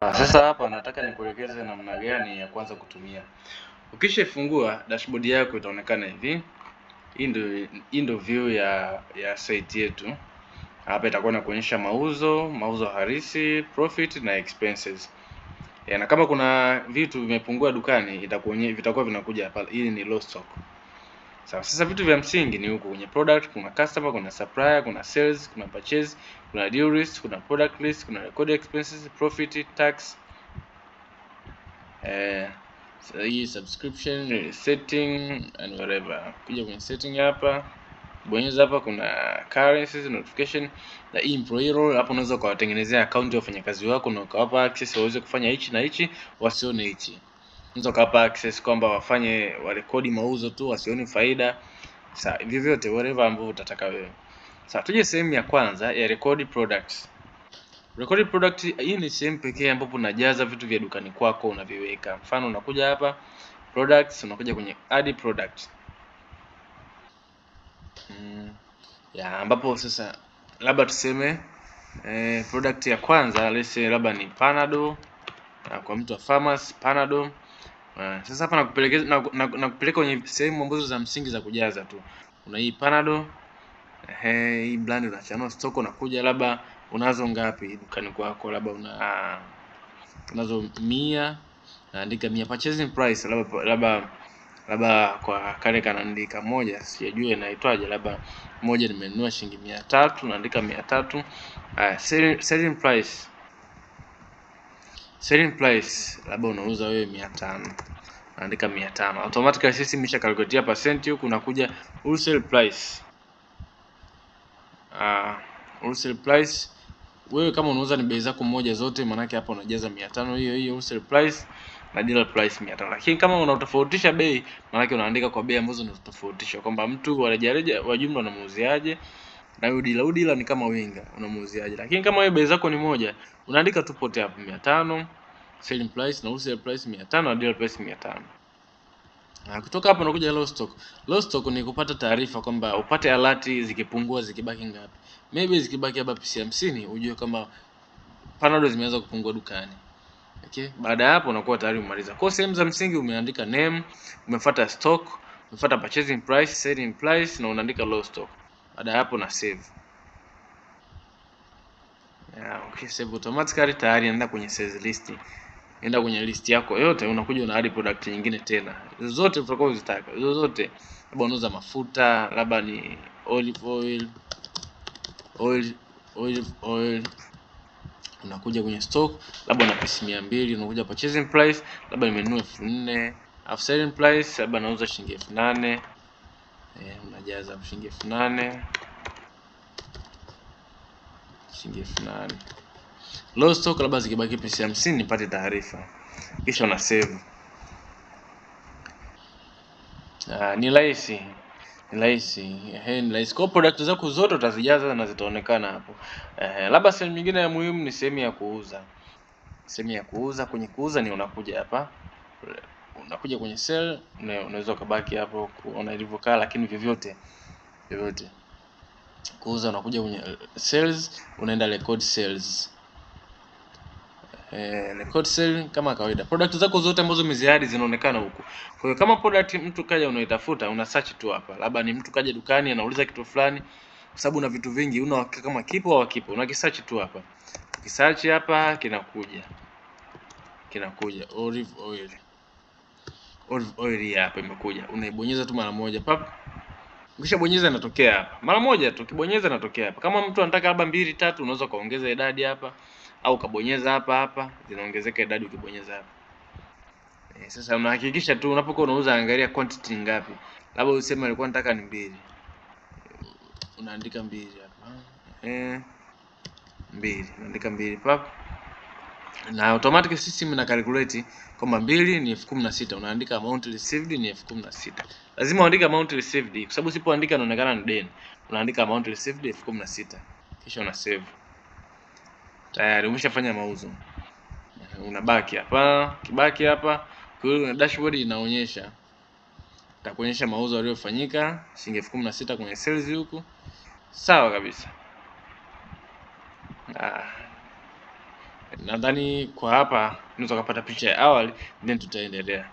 Ah, sasa hapa nataka nikuelekeze namna gani ya kuanza kutumia. Ukishaifungua dashboard yako itaonekana hivi. Hii ndio view ya ya site yetu. Hapa itakuwa na kuonyesha mauzo, mauzo halisi, profit na expenses. Ya, eh, na kama kuna vitu vimepungua dukani itakuonyesha, vitakuwa vinakuja hapa. Hii ni low stock. Sawa, sasa vitu vya msingi ni huku kwenye product kuna customer, kuna supplier, kuna sales, kuna purchase, kuna due list, kuna product list, kuna recorded expenses, profit, tax. Eh, uh, hii subscription, setting and whatever. Kuja kwenye setting hapa. Bonyeza hapa kuna currencies, notification na employee role hapo unaweza ukawatengenezea account ya wafanyakazi wako na ukawapa access waweze kufanya hichi na hichi wasione hichi unaweza kapa access kwamba wafanye warekodi mauzo tu wasioni faida sa vyovyote whatever ambavyo utataka wewe sa tuje sehemu ya kwanza ya record products record product hii ni sehemu pekee ambapo unajaza vitu vya dukani kwako unaviweka mfano unakuja hapa products unakuja kwenye add products. mm, ya ambapo sasa labda tuseme eh, product ya kwanza let's say labda ni panado na kwa mtu wa farmers panado Uh, sasa hapa nakupelekeza nakupeleka kwenye sehemu ambazo za msingi za kujaza tu. Una hii panado eh, hii brand unachanua stock unakuja, labda unazo ngapi dukani kwako? Labda una unazo mia, naandika mia purchasing price, labda labda labda kwa kale kanaandika moja, sijajua inaitwaje, labda moja nimenunua shilingi mia tatu, naandika mia tatu. Uh, selling, selling price selling price labda unauza wewe mia tano naandika mia tano automatically sisi imesha calculatea percent huku unakuja wholesale price uh, wholesale price wewe kama unauza ni bei zako moja zote maanake hapa unajaza mia tano hiyo hiyo wholesale price na dealer price mia tano lakini kama unatofautisha bei maanake unaandika kwa bei ambazo unatofautisha kwamba mtu wa rejareja wa jumla unamuuziaje na huyu dealer huyu dealer ni kama winga unamuuziaje lakini kama wewe bei zako ni moja unaandika tu pote hapo mia tano selling price na wholesale price 500 na deal price 500. Na kutoka hapo unakuja low stock. Low stock ni kupata taarifa kwamba upate alert zikipungua zikibaki ngapi. Maybe zikibaki hapa pc 50 ujue kama panado zimeanza kupungua dukani. Okay, baada ya hapo unakuwa tayari umemaliza. Kwa sehemu za msingi umeandika name, umefuata stock, umefuata purchasing price, selling price na unaandika low stock. Baada ya hapo na save. Yeah, okay, save automatically tayari anaenda kwenye sales list. Enda kwenye list yako yote, unakuja una unaadi product nyingine tena zote utakazozitaka hizo zote, labda unauza mafuta, labda ni olive oil, oil olive oil unakuja kwenye stock, labda una pisi mia mbili, unakuja chasing price, labda nimenunua elfu nne afu selling price labda nauza shilingi elfu nane e, unajaza shilingi elfu nane shilingi elfu nane low stock, labda zikibaki pesa hamsini nipate taarifa, kisha una save. Uh, ni rahisi ni rahisi ehe, ni rahisi. Kwa product zako zote utazijaza na zitaonekana hapo. Eh, labda sehemu nyingine ya muhimu ni sehemu ya kuuza, sehemu ya kuuza. Kwenye kuuza ni unakuja hapa, unakuja kwenye sell, unaweza ukabaki hapo kuona ilivyokaa, lakini vyovyote vyovyote kuuza, unakuja kwenye eh, sales, unaenda record sales Eh, ni code selling kama kawaida. Product zako zote ambazo umeziadi zinaonekana huku. Kwa hiyo kama product mtu kaja unaitafuta, una search tu hapa. Labda ni mtu kaja dukani anauliza kitu fulani, kwa sababu una vitu vingi, una kama kipo au kipo. una kisearch tu hapa. Kisearch hapa kinakuja. Kinakuja olive oil. Olive oil hapa imekuja. Unaibonyeza tu mara moja pap. Ukishabonyeza inatokea hapa. Mara moja tu ukibonyeza inatokea hapa. Kama mtu anataka labda mbili tatu, unaweza kaongeza idadi hapa au ukabonyeza hapa hapa, zinaongezeka idadi ukibonyeza hapa. E, sasa unahakikisha tu unapokuwa unauza, angalia quantity ngapi, labda useme alikuwa nataka ni mbili, unaandika mbili hapa e, mbili unaandika mbili pap, na automatic system ina calculate kwamba mbili ni elfu kumi na sita. Unaandika amount received ni elfu kumi na sita. Lazima uandike amount received kwa sababu usipoandika inaonekana ni deni. Unaandika amount received elfu kumi na sita kisha una save tayari umeshafanya mauzo unabaki hapa kibaki hapa kwa dashboard inaonyesha itakuonyesha mauzo yaliyofanyika shilingi elfu kumi na sita kwenye sales huku sawa kabisa ah. nadhani kwa hapa unaweza kupata picha ya awali then tutaendelea